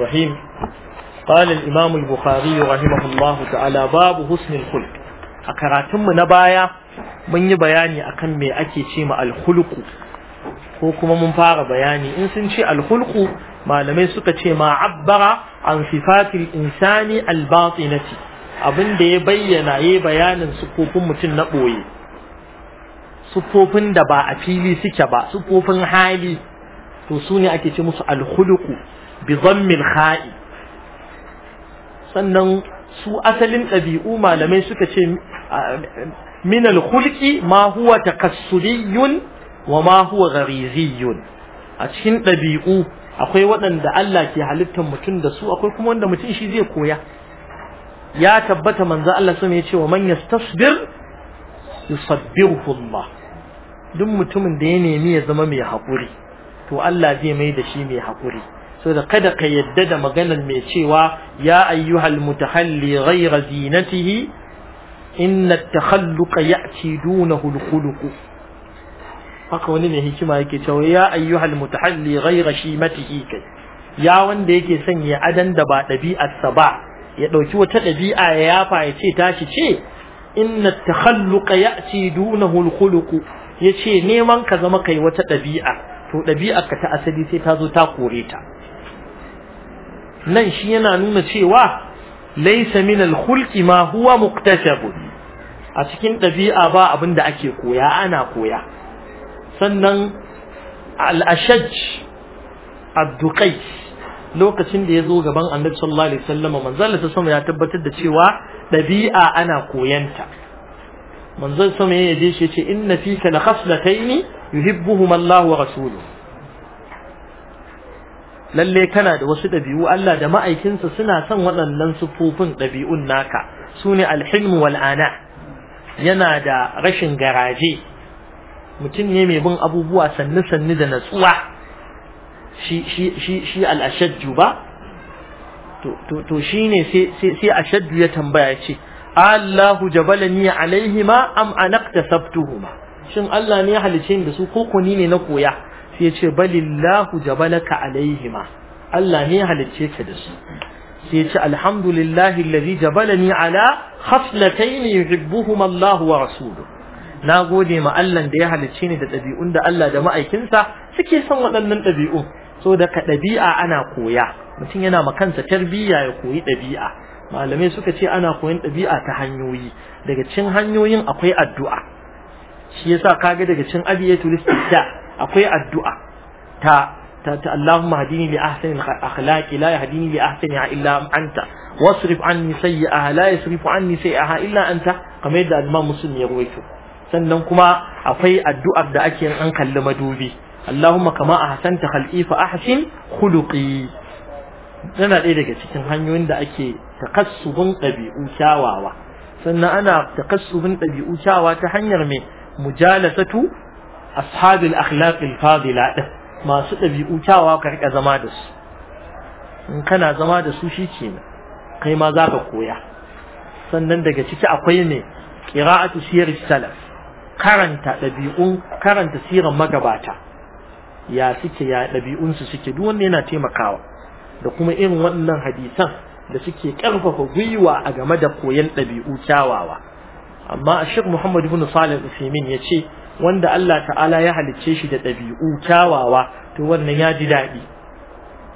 الرحيم قال الإمام البخاري husnin الله a باب حسن الخلق أكراتم نبايا من يبياني أكن مي أكي شيم الخلق ko kuma mun fara bayani in sun ci alhulku malamai suka ce ma abbara insani sifatil na ci. abin da ya bayyana ya bayanin sufofin mutum na ɓoye sufofin da ba a fili suke ba sufofin hali to su ne ake ci musu alhuluku. bi kha'i sannan su asalin ɗabi'u malamai suka ce minal al ma huwa takassuliyun wa ma huwa ghariziyun a cikin ɗabi'u akwai waɗanda Allah ke halittar mutum da su akwai kuma wanda mutum shi zai koya ya tabbata manzo Allah sun ya ce wa man yastasbir yusabbiruhu Allah duk mutumin da ya nemi ya zama mai haƙuri to Allah zai mai da shi mai haƙuri so da kada ka yadda da maganar mai cewa ya ayyuhal mutahalli ghayra zinatihi inna at-takhalluqa ya'ti dunahu al-khuluq haka wani mai hikima yake cewa ya ayyuhal mutahalli ghayra shimatihi kai ya wanda yake son ya adan da ba ɗabi'arsa ba ya ɗauki wata ɗabi'a ya yafa ya ce tashi ce inna takhalluqa ya'ti dunahu al-khuluq yace neman ka zama kai wata ɗabi'a to ɗabi'ar ka ta asali sai ta zo ta kore ta nan shi yana nuna cewa laisa min al ma huwa muktasabun a cikin ɗabi'a ba abin da ake koya ana koya sannan al-ashaj ad lokacin da ya zo gaban annabi sallallahu alaihi wasallam manzon ta ya tabbatar da cewa ɗabi'a ana koyanta manzon sama ya yaje shi ya ce inna fika la khaslataini yuhibbuhuma Allah wa rasuluhu lalle kana da wasu ɗabi'u Allah da ma'aikinsa suna son waɗannan sufufin ɗabi'un naka su ne alhilmu wal'ana yana da rashin garaje mutum ne mai bin abubuwa sannu-sannu da natsuwa shi al'ashadju ba to shi ne sai ashadju ya tambaya ce Allahu ni alaihima am anakta sabtuhuma shin Allah ne ya halice da su ko ni ne na koya yace balillahu jabalaka alaihima Allah ne halicce ka da su sai yace alhamdulillahi allazi jabalani ala khaflatayn yuhibbuhuma Allah wa rasuluhu gode ma Allah da ya halicce ni da ɗabi'un da Allah da ma'aikinsa suke son waɗannan dabi'u so da ka dabi'a ana koya mutum yana ma kansa tarbiyya ya koyi ɗabi'a. malamai suka ce ana koyon ɗabi'a ta hanyoyi daga cin hanyoyin akwai addu'a shi yasa kage daga cin abiyatul istida akwai addu'a ta ta ta Allahumma hadini li ahsani akhlaqi la yahdini li ahsani illa anta wasrif anni sayyi'aha la yasrifu anni sayyi'aha illa anta kamar yadda al-Imam Muslim ya rawaito sannan kuma akwai addu'ar da ake yin an kalli madubi Allahumma kama ahsanta khalqi fa ahsin khuluqi yana ɗaya daga cikin hanyoyin da ake takassubin ɗabi'u kyawawa sannan ana takassubin ɗabi'u kyawawa ta hanyar mai mujalasatu ashabul akhlaqil fadila din masu ɗabi'u kyawawa ka rika zama da su in kana zama da su shikenan kai ma za ka koya sannan daga ciki akwai ne qira'atu siyar salaf karanta ɗabi'un karanta siran magabata ya suke ya ɗabi'unsu suke duk wanda yana taimakawa da kuma irin waɗannan hadisan da suke ƙarfafa gwiwa a game da koyon ɗabi'u kyawawa amma a muhammad ibn salih usaimin ya ce wanda Allah ta'ala ya halicce shi da ɗabi'u kyawawa to wannan ya ji daɗi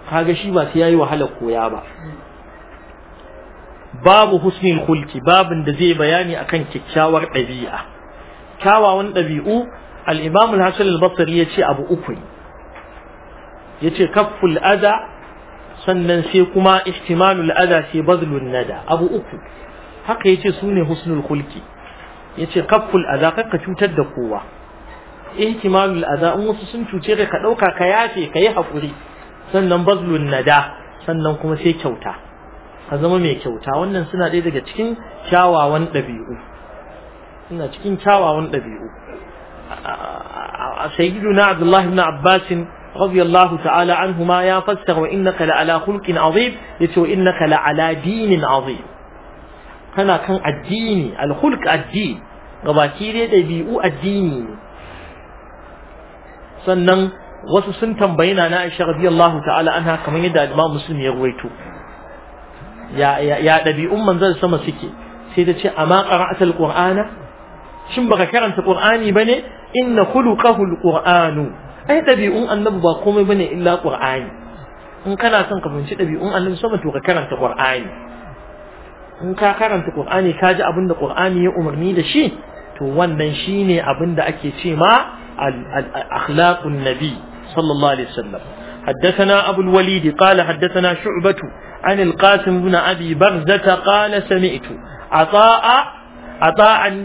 kaga shi ba sai yayi wahala koya ba babu husnul khulqi babin da zai bayani akan kyakkyawar ɗabi'a kyawawan ɗabi'u al-Imam al-Hasan al-Basri yace abu uku yace kafful adha sannan sai kuma ihtimalul adha sai bazlun nada abu uku haka yace sune husnul khulqi yace kafful adha kakka cutar da kowa ihtimalul adha in wasu sun cuce ka ka ɗauka ka yafe ka yi hakuri sannan bazlun nada sannan kuma sai kyauta ka zama mai kyauta wannan suna ɗaya daga cikin kyawawan ɗabi'u suna cikin kyawawan ɗabi'u sayyiduna abdullahi ibn abbas radiyallahu ta'ala anhu ma ya fassara wa innaka la ala khulqin azim yace wa innaka la ala dinin kana kan addini al addin. addini gabaki dai ɗabi'u addini ne sannan wasu sun tambayi na Aisha radiyallahu ta'ala anha kamar yadda Imam Muslim ya ruwaito ya ya dabi'un manzon sama suke sai ta ce amma qara'atul qur'ana shin baka karanta qur'ani bane inna khuluqahu alqur'anu ai dabi'un annabi ba komai bane illa qur'ani in kana son ka fahimci dabi'un annabi sama to ka karanta qur'ani in ka karanta qur'ani ka ji abin da qur'ani ya umarni da shi to wannan shine abin da ake ce ma أخلاق النبي صلى الله عليه وسلم حدثنا أبو الوليد قال حدثنا شعبة عن القاسم بن أبي بغزة قال سمعت عطاء عطاء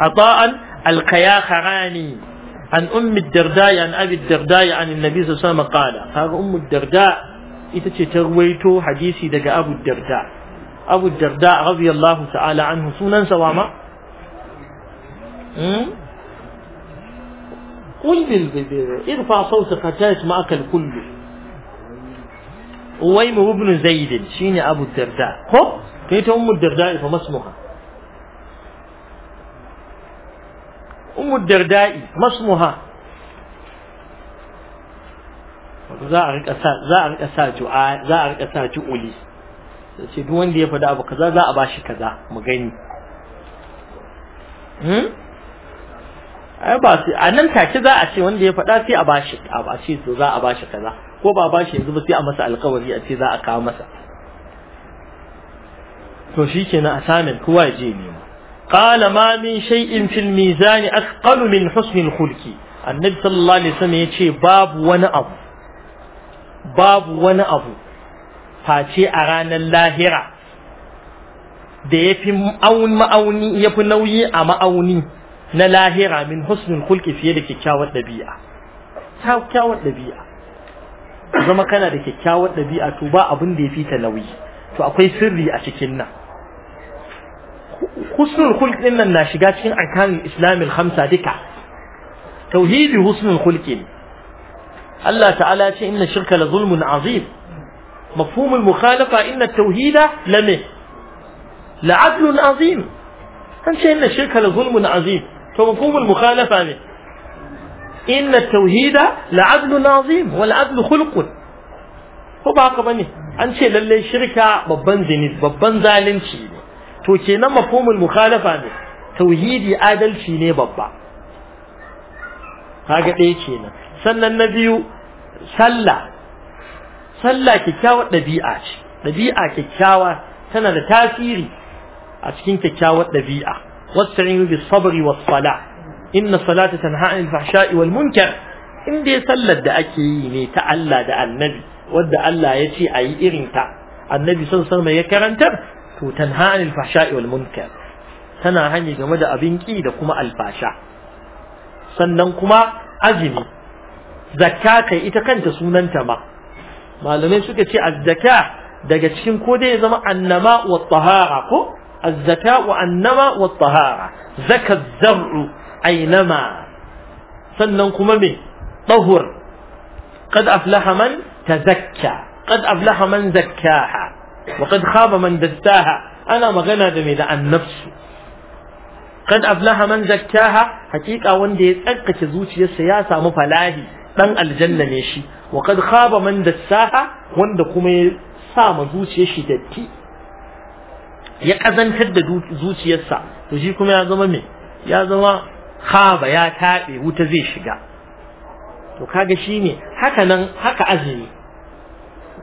عطاء القياخراني عن أم الدرداء عن أبي الدرداء عن النبي صلى الله عليه وسلم قال هذا أم الدرداء إذا ترويته حديثي دقى أبو الدرداء أبو الدرداء رضي الله تعالى عنه سنن سواما قول ارفع صوتك حتى يسمعك الكل أويم ابن زيد شين أبو الدرداء خب كيت أم الدرداء فما اسمها أم الدرداء ما اسمها za a rika sa za a rika sa ju'a za a rika sa ju'uli sai duk wanda ya faɗa abu kaza za a bashi kaza mu gani hmm ai ba sai a nan take za a ce wanda ya faɗa sai a bashi a bashi to za a bashi kaza ko ba bashi yanzu ba sai a masa alƙawari a ce za a kawo masa to shi shikenan assignment kowa ya je nema qala ma min shay'in fil mizan asqalu min husnil khulqi annabi sallallahu alaihi wasallam ce babu wani abu babu wani abu face a ranar lahira da yafi ma'auni yafi nauyi a ma'auni na lahira min husnul khulqi fiye da kikkiawar dabi'a kikkiawar dabi'a zama kana da kikkiawar dabi'a to ba abin da yafi ta nauyi to akwai sirri a cikin nan husnul khulqi din nan na shiga cikin arkanin islamil khamsa duka tauhidi husnul khulqi Allah ta'ala ce inna shirka la zulmun azim mafhumul mukhalafa inna tauhida lame la'adlun azim an ce inna shirka la zulmun azim to mafhumul mukhalafa ne inna tauhida la'adlu azim wal adlu khulqun ko ba haka bane an ce lalle shirka babban zinid babban zalunci ne to kenan mafhumul mukhalafa ne tauhidi adalci ne babba kaga ɗaya kenan sannan na biyu sallah sallah kyakkyawar ɗabi'a ce ɗabi'a kyakkyawa tana da tasiri a cikin kyakkyawar ɗabi'a واستعينوا بالصبر والصلاة إن الصلاة تنهى عن الفحشاء والمنكر إن دي صلت الدأكي أكي ني دا النبي ودى ألا يتي أي إرنتا النبي صلى الله عليه وسلم يكرنتر تو تنهى عن الفحشاء والمنكر تنا هني جمد da abin ki da kuma alfasha sannan زكاة azumi zakka kai ita kanta الزكاة ma malamai كودي زمان النماء والطهارة الزكاء أنما والطهارة زكى الزرع أينما سننكم به طهر قد أفلح من تزكى قد أفلح من زكاها وقد خاب من دساها أنا مغنى دمي النفس قد أفلح من زكاها حقيقة وندي تسكت زوجي السياسة مفلاهي dan الجنة ne وقد خاب من دساها man سام wanda kuma ya kazantar da zuciyarsa to shi kuma ya zama me ya zama khaba ya tabe wuta zai shiga to kaga shine haka nan haka azumi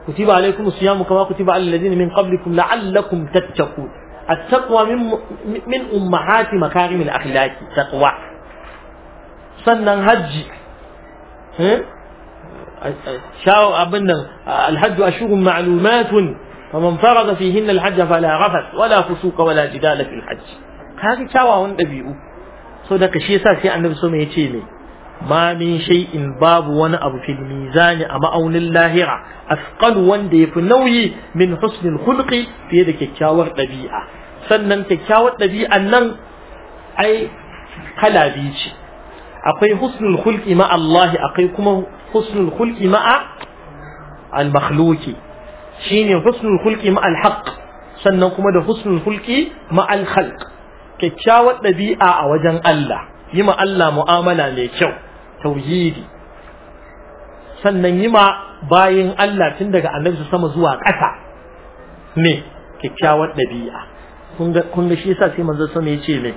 kutiba alaikum siyamu kama kutiba alal ladina min qablikum la'allakum tattaqu at-taqwa min min ummahati makarim al الاخلاق taqwa sannan hajji shawo abin nan alhajju ashurun ma'lumatun faman farada fihinna alhajj fala rafat wala fusuqa wala jidala fil hajj kaga kyawawan dabi'u so da shi yasa sai annabi so mai yace ne ma min shay'in babu wani abu fil mizani a ma'aunin lahira asqal wanda yafi nauyi min husnil khulqi fiye da kyakkyawar ɗabi'a. sannan kyakkyawar ɗabi'a nan ai kala biyu ce akwai husnul khulqi ma Allah akwai kuma husnul khulqi ma'a al shine husnul khulqi ma'al haqq sannan kuma da husnul khulqi ma'al khalq kyakkyawar ɗabi'a a wajen Allah yi ma Allah mu'amala mai kyau tauhidi sannan yi ma bayin Allah tun daga annabi sama zuwa ƙasa me kyakkyawar ɗabi'a kun ga shi yasa sai manzo sama yace ne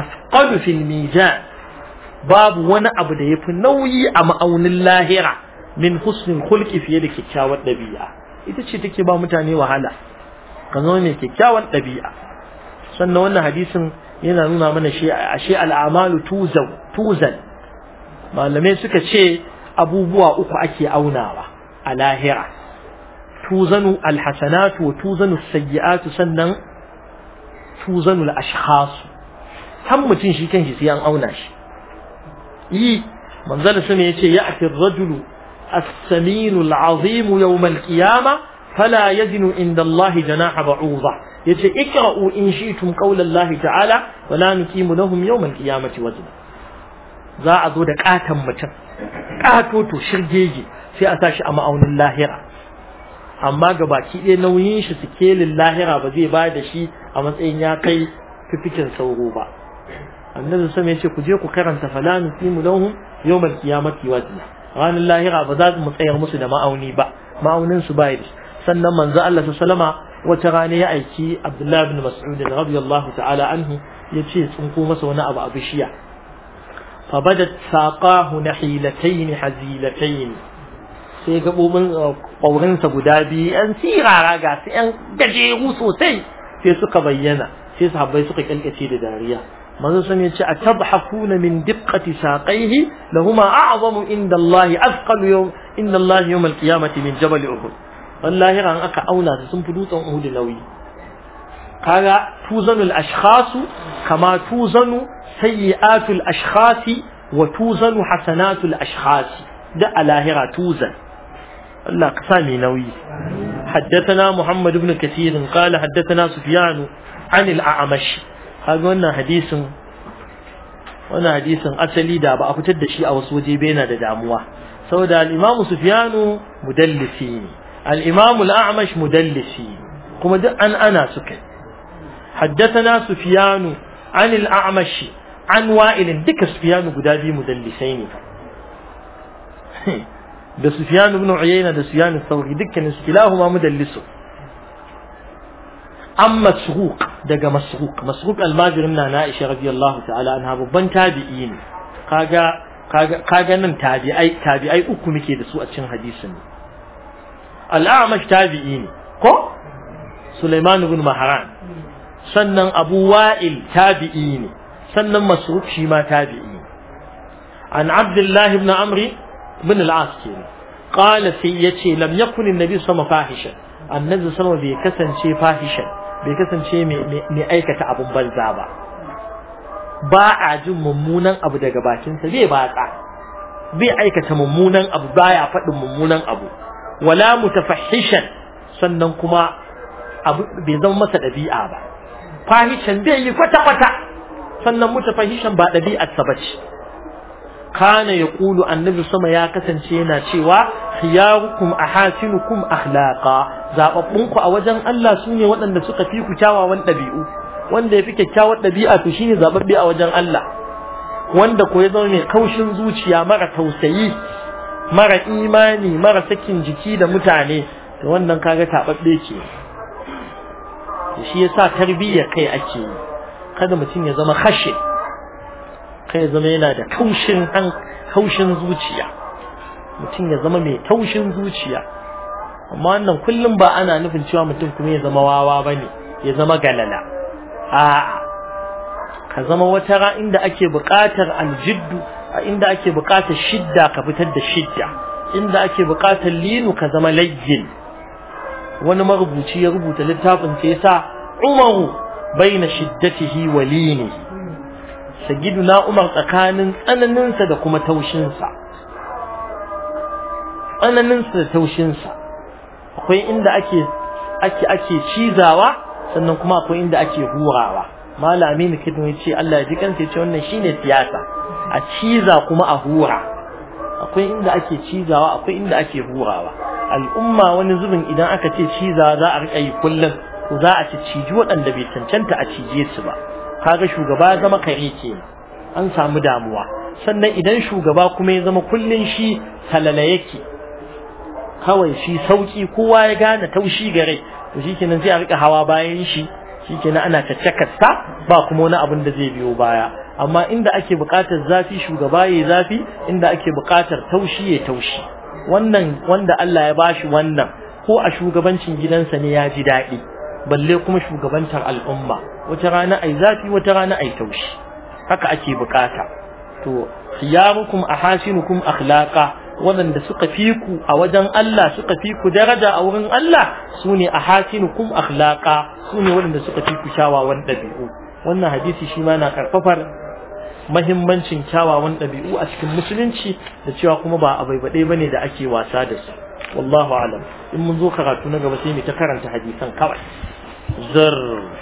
asqadu fil mizan babu wani abu da yafi nauyi a ma'aunin lahira min husnul kulki fiye da kyakkyawar ɗabi'a ita ce take ba mutane wahala ka zama mai kyakkyawar ɗabi'a sannan wannan hadisin yana nuna mana shi ashe al'amalu tuzan malamai suka ce abubuwa uku ake aunawa a lahira tuzanu alhasanatu wa tuzanu sayyi'atu sannan tuzanu al-ashkhasu han mutum shi kan shi sai an auna shi yi manzala sun ce ya'ti ar-rajulu as-samin al-azim yawm al-qiyamah fala yazinu inda Allah janaha ba'udha yace ikra'u in shi'tum qawla Allah ta'ala wa la nuqimu lahum yawm al-qiyamati wazna za a zo da katan mutum kato to shirgeje sai a sa shi a ma'aunin lahira amma ga baki ɗaya nauyin shi sikelin lahira ba zai ba da shi a matsayin ya kai fifikin sauro ba annabi sama ya ce ku je ku karanta fala nuqimu lahum yawm al-qiyamati wazna ranar lahira ba za mu tsayar musu da ma'auni ba ma'aunin su bai sannan manzo Allah salama wata rana ya aiki Abdullah ibn Mas'ud radiyallahu ta'ala anhu yace tsinko masa wani abu a bishiya fa badat saqahu nahilatayn hazilatayn sai gabobin uh, sa guda biyu yan sirara ga su yan gajeru sosai sai suka bayyana sai sahabbai suka kalkace da dariya manzo sun yace atabhakuna min diqqati saqaihi lahuma a'zamu inda Allah azqalu yawm inda Allah yawm al-qiyamati min jabal uhud wallahi ran aka auna su sun fi dutsen uhud nauyi kaga tuzanu al-ashkhas kama tuzanu sayyi'atu al-ashkhas wa tuzanu hasanatu al-ashkhas da alahira tuzan الله قسامي نوي حدثنا محمد بن كثير قال حدثنا سفيان عن الأعمش kaga wannan hadisin wannan hadisin asali da ba a fitar da shi a wasu waje bai yana da damuwa saboda al-Imam Sufyanu mudallisi ne al-Imam al-A'mash mudallisi kuma duk an ana suka haddathana Sufyanu an al-A'mash an wa'il duka Sufyanu guda biyu mudallisai ne da Sufyan ibn Uyayna da Sufyan al-Thawri dukkanin su kilahuma mudallisu amma Suhuq daga masruq masruq almajirin na na isha radiyallahu ta'ala anha babban tabi'i ne kaga kaga nan tabi'ai tabi'ai uku muke da su a cikin hadisin al'amash tabi'i ne ko Sulaiman ibn Maharan sannan Abu Wa'il tabi'i ne sannan Masruq shi ma tabi'i ne an Abdullah ibn Amr ibn al-As kenan qala sai yace lam yakun an-nabi sallallahu alaihi fahishan sallallahu alaihi wasallam bai kasance fahishan bai kasance mai aikata abin banza ba ba a jin mummunan abu daga bakinsa bai batsa bai aikata mummunan abu Ba ya faɗin mummunan abu wala mutafahishan sannan kuma abu bai zama masa ɗabi'a ba fahishan bai yi kwata-kwata sannan mutafahishan ba ɗabi'arsa ba ce kana ya ƙulu annabi sama ya kasance yana cewa khiyarukum ahasinukum akhlaqa zababbun ku a wajen Allah sune waɗanda suka fi ku kyawawan ɗabi'u wanda yafi fi kyakkyawar ɗabi'a to shine zababbe a wajen Allah wanda ko ya zama mai kaushin zuciya mara tausayi mara imani mara sakin jiki da mutane to wannan kaga tababbe ce shi yasa tarbiyya kai ake yi kada mutum ya zama khashin kai zama yana da kaushin kaushin zuciya mutum ya zama mai taushin zuciya amma wannan kullum ba ana nufin cewa mutum kuma ya zama wawa bane ya zama galala a'a ka zama wata ra inda ake buƙatar aljiddu a inda ake bukatar shidda ka fitar da shidda inda ake buƙatar linu ka zama laggin. wani marubuci ya rubuta littafin sai yasa umaru baina shiddatihi wa linihi na umar tsakanin tsananinsa da kuma taushinsa tsananinsa da taushinsa akwai inda ake ake ake cizawa sannan kuma akwai inda ake hurawa malami ne kidan ya ce Allah ya ji kansa ya ce wannan shine siyasa a ciza kuma a hura akwai inda ake cizawa akwai inda ake hurawa al'umma wani zubin idan aka ce cizawa za a riƙa yi kullum ko za a ci ciji waɗanda bai cancanta a cije su ba kaga shugaba ya zama kare ke an samu damuwa sannan idan shugaba kuma ya zama kullun shi halala yake kawai shi sauki kowa ya gane taushi gare to shikenan zai a rika hawa bayan shi shikenan ana ta ba kuma wani abin da zai biyo baya amma inda ake buƙatar zafi shugaba ya zafi inda ake buƙatar taushi ya taushi wannan wanda Allah ya bashi wannan ko a shugabancin gidansa ne ya ji daɗi balle kuma shugabantar al'umma wata rana ai zafi wata rana ai taushi haka ake buƙata to khiyarukum ahasinukum akhlaqa waɗanda suka fi ku a wajen Allah suka fi ku daraja a wurin Allah su ne a hasinukum akhlaqa su ne waɗanda suka fi ku kyawawan ɗabi'u wannan hadisi shi ma na karfafar mahimmancin kyawawan ɗabi'u a cikin musulunci da cewa kuma ba a baibaɗe bane da ake wasa da su wallahu alam in mun zo karatu na gaba sai mu ta karanta hadisan kawai